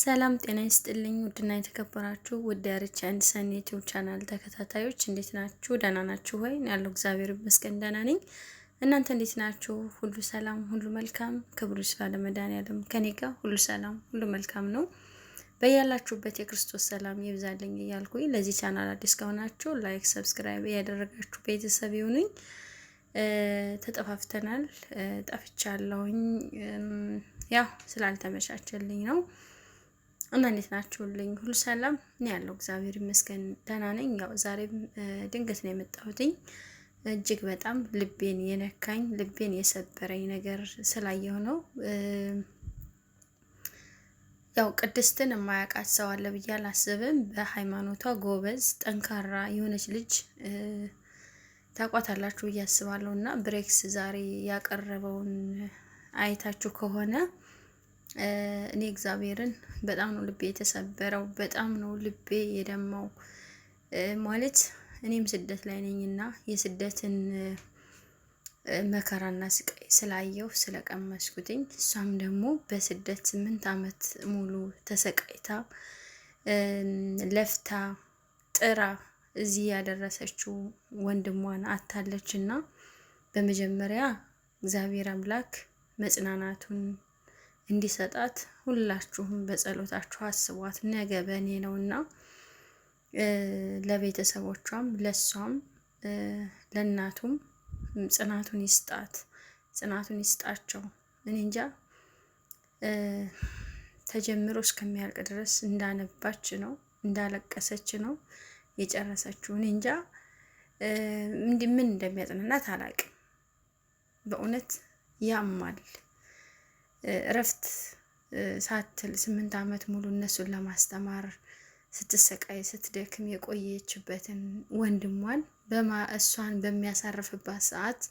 ሰላም ጤና ይስጥልኝ። ውድና የተከበራችሁ ውድ ያርቻ አንድ ሰን ዩቲዩብ ቻናል ተከታታዮች እንዴት ናችሁ? ደህና ናችሁ ወይ? ያለው እግዚአብሔር ይመስገን ደህና ነኝ። እናንተ እንዴት ናችሁ? ሁሉ ሰላም፣ ሁሉ መልካም። ክብሩ ይስፋ ለመድኃኔዓለም። ከኔ ጋር ሁሉ ሰላም፣ ሁሉ መልካም ነው። በያላችሁበት የክርስቶስ ሰላም ይብዛልኝ እያልኩኝ ለዚህ ቻናል አዲስ ከሆናችሁ ላይክ፣ ሰብስክራይብ እያደረጋችሁ ቤተሰብ ይሁኑኝ። ተጠፋፍተናል፣ ጠፍቻለሁኝ። ያው ስላልተመቻቸልኝ ነው እና እንዴት ናችሁልኝ? ሁሉ ሰላም? እኔ ያለው እግዚአብሔር ይመስገን ደህና ነኝ። ያው ዛሬም ድንገት ነው የመጣሁትኝ እጅግ በጣም ልቤን የነካኝ ልቤን የሰበረኝ ነገር ስላየሁ ነው። ያው ቅድስትን የማያውቃት ሰው አለ ብዬ አላስብም። በሃይማኖቷ ጎበዝ ጠንካራ የሆነች ልጅ ታቋታላችሁ ብዬ አስባለሁ እና ብሬክስ ዛሬ ያቀረበውን አይታችሁ ከሆነ እኔ እግዚአብሔርን በጣም ነው ልቤ የተሰበረው፣ በጣም ነው ልቤ የደማው። ማለት እኔም ስደት ላይ ነኝ የስደትን መከራና ስቃይ ስላየው ስለቀመስኩትኝ፣ እሷም ደግሞ በስደት ስምንት ዓመት ሙሉ ተሰቃይታ ለፍታ ጥራ እዚህ ያደረሰችው ወንድሟን አታለች እና በመጀመሪያ እግዚአብሔር አምላክ መጽናናቱን እንዲሰጣት ሁላችሁም በጸሎታችሁ አስቧት። ነገ በእኔ ነው እና ለቤተሰቦቿም፣ ለእሷም፣ ለእናቱም ጽናቱን ይስጣት፣ ጽናቱን ይስጣቸው። እኔ እንጃ ተጀምሮ እስከሚያልቅ ድረስ እንዳነባች ነው እንዳለቀሰች ነው የጨረሰችው። እኔ እንጃ ምን እንደሚያጽናናት አላቅም። በእውነት ያማል። እረፍት ሳትል ስምንት ዓመት ሙሉ እነሱን ለማስተማር ስትሰቃይ ስትደክም የቆየችበትን ወንድሟን በማ እሷን በሚያሳርፍባት ሰዓት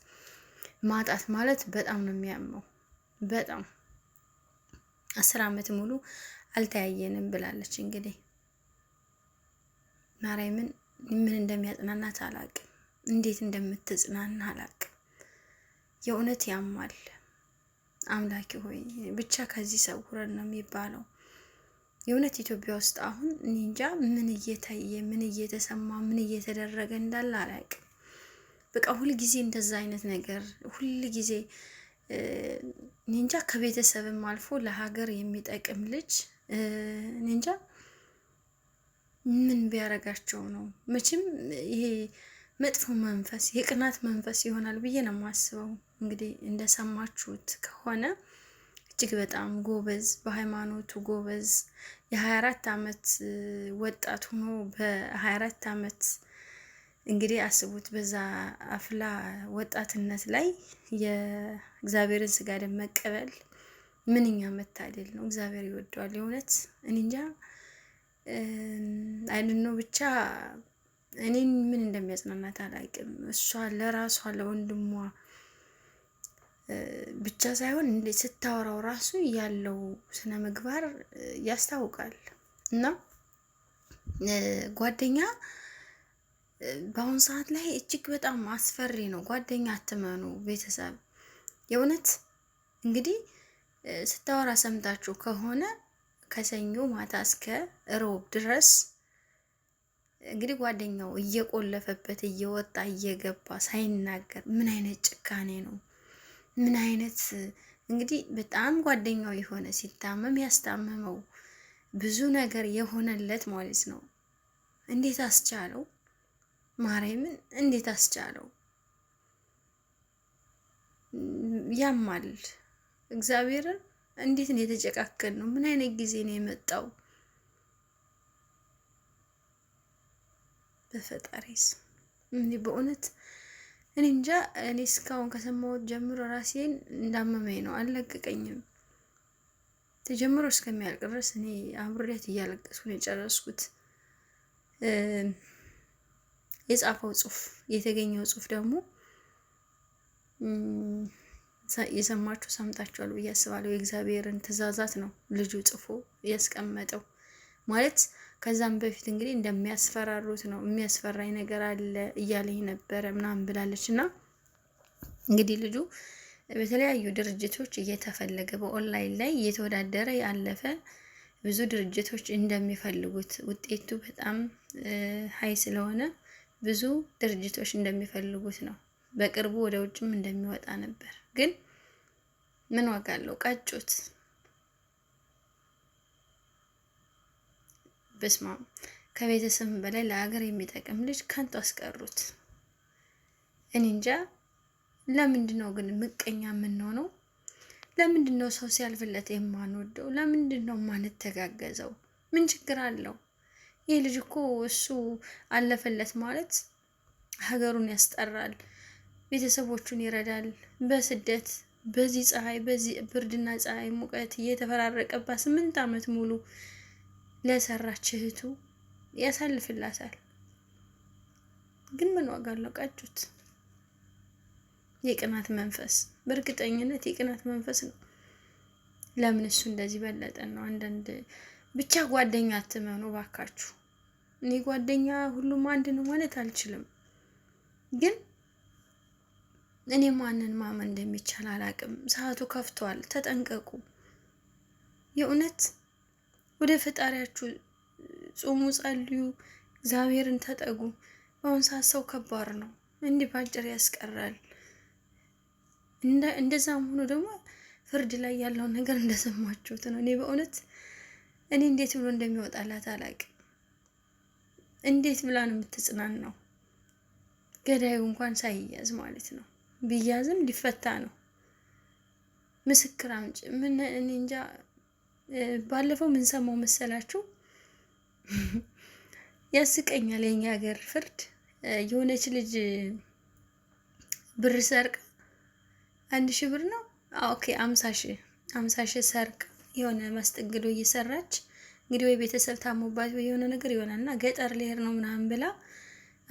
ማጣት ማለት በጣም ነው የሚያመው። በጣም አስር ዓመት ሙሉ አልተያየንም ብላለች። እንግዲህ ማርያምን ምን እንደሚያጽናናት አላቅም፣ እንዴት እንደምትጽናና አላቅም። የእውነት ያማል። አምላኪ ሆይ ብቻ ከዚህ ሰውረን ነው የሚባለው። የእውነት ኢትዮጵያ ውስጥ አሁን እንጃ ምን እየታየ ምን እየተሰማ ምን እየተደረገ እንዳለ አላውቅም። በቃ ሁልጊዜ እንደዛ አይነት ነገር ሁልጊዜ እንጃ ከቤተሰብም አልፎ ለሀገር የሚጠቅም ልጅ እንጃ ምን ቢያረጋቸው ነው? መቼም ይሄ መጥፎ መንፈስ የቅናት መንፈስ ይሆናል ብዬ ነው የማስበው። እንግዲህ እንደሰማችሁት ከሆነ እጅግ በጣም ጎበዝ፣ በሃይማኖቱ ጎበዝ የ24 ዓመት ወጣት ሆኖ በ24 ዓመት እንግዲህ አስቡት በዛ አፍላ ወጣትነት ላይ የእግዚአብሔርን ስጋ ደም መቀበል ምንኛ መታደል ነው። እግዚአብሔር ይወደዋል። የእውነት እኔ እንጃ አይድኖ ብቻ እኔን ምን እንደሚያጽናናት አላውቅም። እሷ ለራሷ ለወንድሟ ብቻ ሳይሆን ስታወራው ራሱ ያለው ስነ ምግባር ያስታውቃል። እና ጓደኛ በአሁኑ ሰዓት ላይ እጅግ በጣም አስፈሪ ነው። ጓደኛ አትመኑ ቤተሰብ። የእውነት እንግዲህ ስታወራ ሰምታችሁ ከሆነ ከሰኞ ማታ እስከ ሮብ ድረስ እንግዲህ ጓደኛው እየቆለፈበት እየወጣ እየገባ ሳይናገር ምን አይነት ጭካኔ ነው? ምን አይነት እንግዲህ በጣም ጓደኛው የሆነ ሲታመም ያስታመመው ብዙ ነገር የሆነለት ማለት ነው። እንዴት አስቻለው? ማርያምን እንዴት አስቻለው? ያማል። እግዚአብሔርን እንዴት ነው የተጨቃከል ነው? ምን አይነት ጊዜ ነው የመጣው? በፈጣሪስ እኔ በእውነት እኔ እንጃ። እኔ እስካሁን ከሰማሁት ጀምሮ ራሴን እንዳመመኝ ነው፣ አልለቀቀኝም። ተጀምሮ እስከሚያልቅ ድረስ እኔ አብሬያት እያለቀስኩ ነው የጨረስኩት። የጻፈው ጽሁፍ የተገኘው ጽሁፍ ደግሞ የሰማችሁ ሰምታችኋል ብዬ አስባለሁ። የእግዚአብሔርን ትእዛዛት ነው ልጁ ጽፎ ያስቀመጠው። ማለት ከዛም በፊት እንግዲህ እንደሚያስፈራሩት ነው የሚያስፈራኝ ነገር አለ እያለኝ ነበረ ምናምን ብላለች። እና እንግዲህ ልጁ በተለያዩ ድርጅቶች እየተፈለገ በኦንላይን ላይ እየተወዳደረ ያለፈ ብዙ ድርጅቶች እንደሚፈልጉት ውጤቱ በጣም ሀይ ስለሆነ ብዙ ድርጅቶች እንደሚፈልጉት ነው። በቅርቡ ወደ ውጭም እንደሚወጣ ነበር። ግን ምን ዋጋ አለው? ቀጩት። በስማም ከቤተሰብ በላይ ለሀገር የሚጠቅም ልጅ ከንቱ አስቀሩት። እኔ እንጃ ለምንድን ነው ግን ምቀኛ የምንሆነው? ለምንድን ነው ሰው ሲያልፍለት የማንወደው? ለምንድን ነው ማንተጋገዘው? ምን ችግር አለው? ይህ ልጅ እኮ እሱ አለፈለት ማለት ሀገሩን ያስጠራል፣ ቤተሰቦቹን ይረዳል። በስደት በዚህ ፀሐይ በዚህ ብርድና ፀሐይ ሙቀት እየተፈራረቀባት ስምንት ዓመት ሙሉ ለሰራች እህቱ ያሳልፍላታል። ግን ምን ዋጋ አለው? የቅናት መንፈስ በእርግጠኝነት የቅናት መንፈስ ነው። ለምን እሱ እንደዚህ በለጠን ነው። አንዳንድ ብቻ ጓደኛ አትመኑ ባካችሁ። እኔ ጓደኛ ሁሉም አንድ ነው ማለት አልችልም፣ ግን እኔ ማንን ማመን እንደሚቻል አላቅም። ሰዓቱ ከፍቷል፣ ተጠንቀቁ የእውነት ወደ ፈጣሪያችሁ ጾሙ፣ ጸልዩ፣ እግዚአብሔርን ተጠጉ። በአሁን ሰዓት ሰው ከባድ ነው፣ እንዲህ በአጭር ያስቀራል። እንደዛም ሆኖ ደግሞ ፍርድ ላይ ያለውን ነገር እንደሰማችሁት ነው። እኔ በእውነት እኔ እንዴት ብሎ እንደሚወጣላት አላቅም። እንዴት ብላ ነው የምትጽናናው? ገዳዩ እንኳን ሳይያዝ ማለት ነው። ቢያዝም ሊፈታ ነው። ምስክር አምጪ ምን እኔ እንጃ። ባለፈው ምን ሰማው መሰላችሁ? ያስቀኛል። የኛ ሀገር ፍርድ የሆነች ልጅ ብር ሰርቅ አንድ ሺህ ብር ነው ኦኬ፣ አምሳ ሺህ አምሳ ሺህ ሰርቅ የሆነ ማስጠግዶ እየሰራች እንግዲህ ወይ ቤተሰብ ታሞባት ወይ የሆነ ነገር ይሆናል እና ገጠር ልሄድ ነው ምናምን ብላ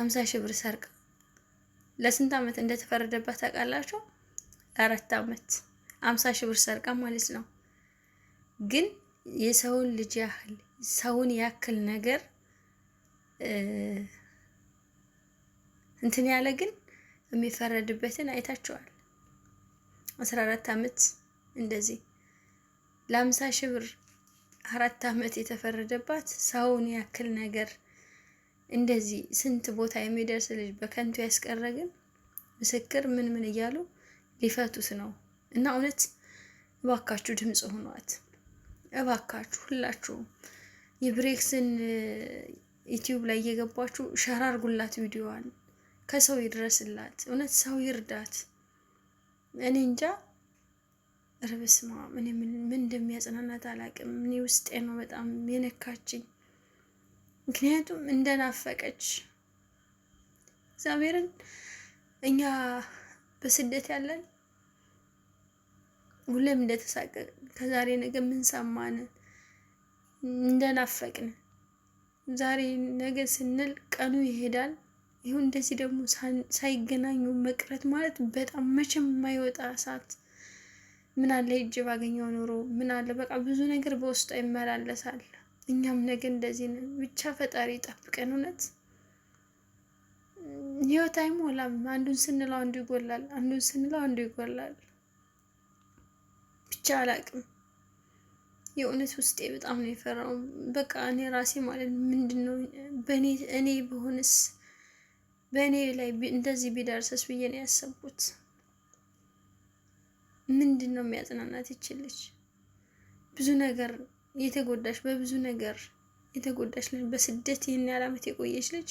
አምሳ ሺህ ብር ሰርቅ ለስንት ዓመት እንደተፈረደባት ታውቃላችሁ? ለአራት ዓመት አምሳ ሺህ ብር ሰርቃ ማለት ነው። ግን የሰውን ልጅ ያህል ሰውን ያክል ነገር እንትን ያለ ግን የሚፈረድበትን አይታቸዋል። አስራ አራት አመት እንደዚህ ለአምሳ ሺህ ብር አራት አመት የተፈረደባት ሰውን ያክል ነገር እንደዚህ ስንት ቦታ የሚደርስ ልጅ በከንቱ ያስቀረ ግን ምስክር ምን ምን እያሉ ሊፈቱት ነው። እና እውነት እባካችሁ ድምፅ ሆኗት እባካችሁ ሁላችሁም የብሬክስን ዩቲዩብ ላይ እየገባችሁ ሸር አድርጉላት ቪዲዮዋን። ከሰው ይድረስላት፣ እውነት ሰው ይርዳት። እኔ እንጃ ርብስማ ምን ምን እንደሚያጽናናት አላቅም። እኔ ውስጤ ነው በጣም የነካችኝ፣ ምክንያቱም እንደናፈቀች እግዚአብሔርን እኛ በስደት ያለን ሁሌም እንደተሳቀ ከዛሬ ነገ ምን ሰማን እንደናፈቅን ዛሬ ነገ ስንል ቀኑ ይሄዳል። ይሁን እንደዚህ ደግሞ ሳይገናኙ መቅረት ማለት በጣም መቼም የማይወጣ እሳት። ምን አለ እጅ ባገኘው ኑሮ ምን አለ በቃ ብዙ ነገር በውስጧ ይመላለሳል። እኛም ነገ እንደዚህ ነን። ብቻ ፈጣሪ ጠብቀን። እውነት ህይወት አይሞላም። አንዱን ስንለው አንዱ ይጎላል፣ አንዱን ስንለው አንዱ ይጎላል። ብቻ አላቅም። የእውነት ውስጤ በጣም ነው የፈራው። በቃ እኔ ራሴ ማለት ምንድን ነው በእኔ እኔ በሆንስ በእኔ ላይ እንደዚህ ቢደርሰስ ብዬ ነው ያሰብኩት። ምንድን ነው የሚያጽናናት ይችልች ብዙ ነገር የተጎዳሽ በብዙ ነገር የተጎዳሽ ልጅ በስደት ይህን ያህል ዓመት የቆየች ልጅ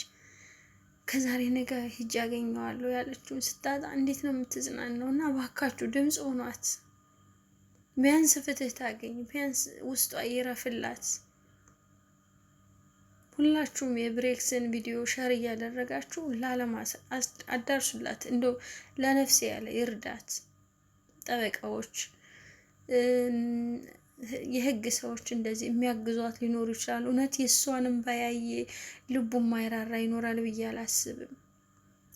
ከዛሬ ነገ ሂጅ ያገኘዋለሁ ያለችውን ስታጣ እንዴት ነው የምትጽናናው? እና ባካችሁ ድምፅ ሆኗት ቢያንስ ፍትህ ታገኝ፣ ቢያንስ ውስጧ ይረፍላት። ሁላችሁም የብሬክስን ቪዲዮ ሸር እያደረጋችሁ ለዓለም አዳርሱላት። እንደ ለነፍሴ ያለ ይርዳት። ጠበቃዎች፣ የህግ ሰዎች እንደዚህ የሚያግዟት ሊኖሩ ይችላሉ። እውነት የእሷንም ባያየ ልቡ ማይራራ ይኖራል ብዬ አላስብም።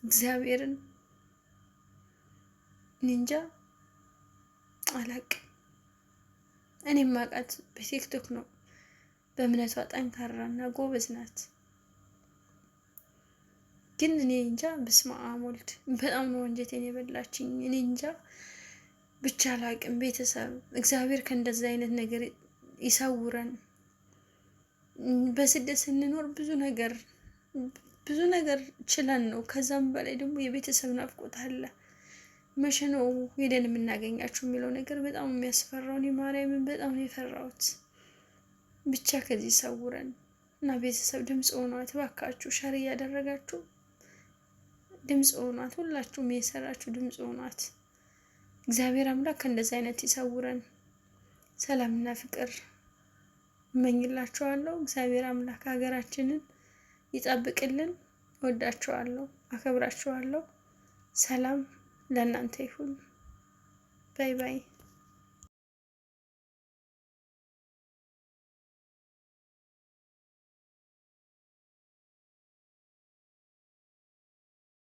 እግዚአብሔርን እንጃ አላቅም። እኔ ማቃት በቲክቶክ ነው። በእምነቷ ጠንካራና ጎበዝ ናት። ግን እኔ እንጃ በስመ ሞልድ በጣም ነው አንጀቴን የበላችኝ። እኔ እንጃ ብቻ አላቅም። ቤተሰብ እግዚአብሔር ከእንደዛ አይነት ነገር ይሰውረን። በስደት ስንኖር ብዙ ነገር ብዙ ነገር ችለን ነው። ከዛም በላይ ደግሞ የቤተሰብ ናፍቆት አለ። መቼ ነው ሄደን የምናገኛችሁ የሚለው ነገር በጣም የሚያስፈራውን የማርያምን በጣም ነው የፈራሁት። ብቻ ከዚህ ሰውረን እና ቤተሰብ ድምፅ ሆኗት ባካችሁ ሸር እያደረጋችሁ ድምፅ ሆኗት፣ ሁላችሁም የሰራችሁ ድምፅ ሆኗት። እግዚአብሔር አምላክ ከእንደዚህ አይነት ይሰውረን። ሰላምና ፍቅር እመኝላችኋለሁ። እግዚአብሔር አምላክ ሀገራችንን ይጠብቅልን። እወዳችኋለሁ፣ አከብራችኋለሁ። ሰላም ለእናንተ ይሁን። ባይ ባይ።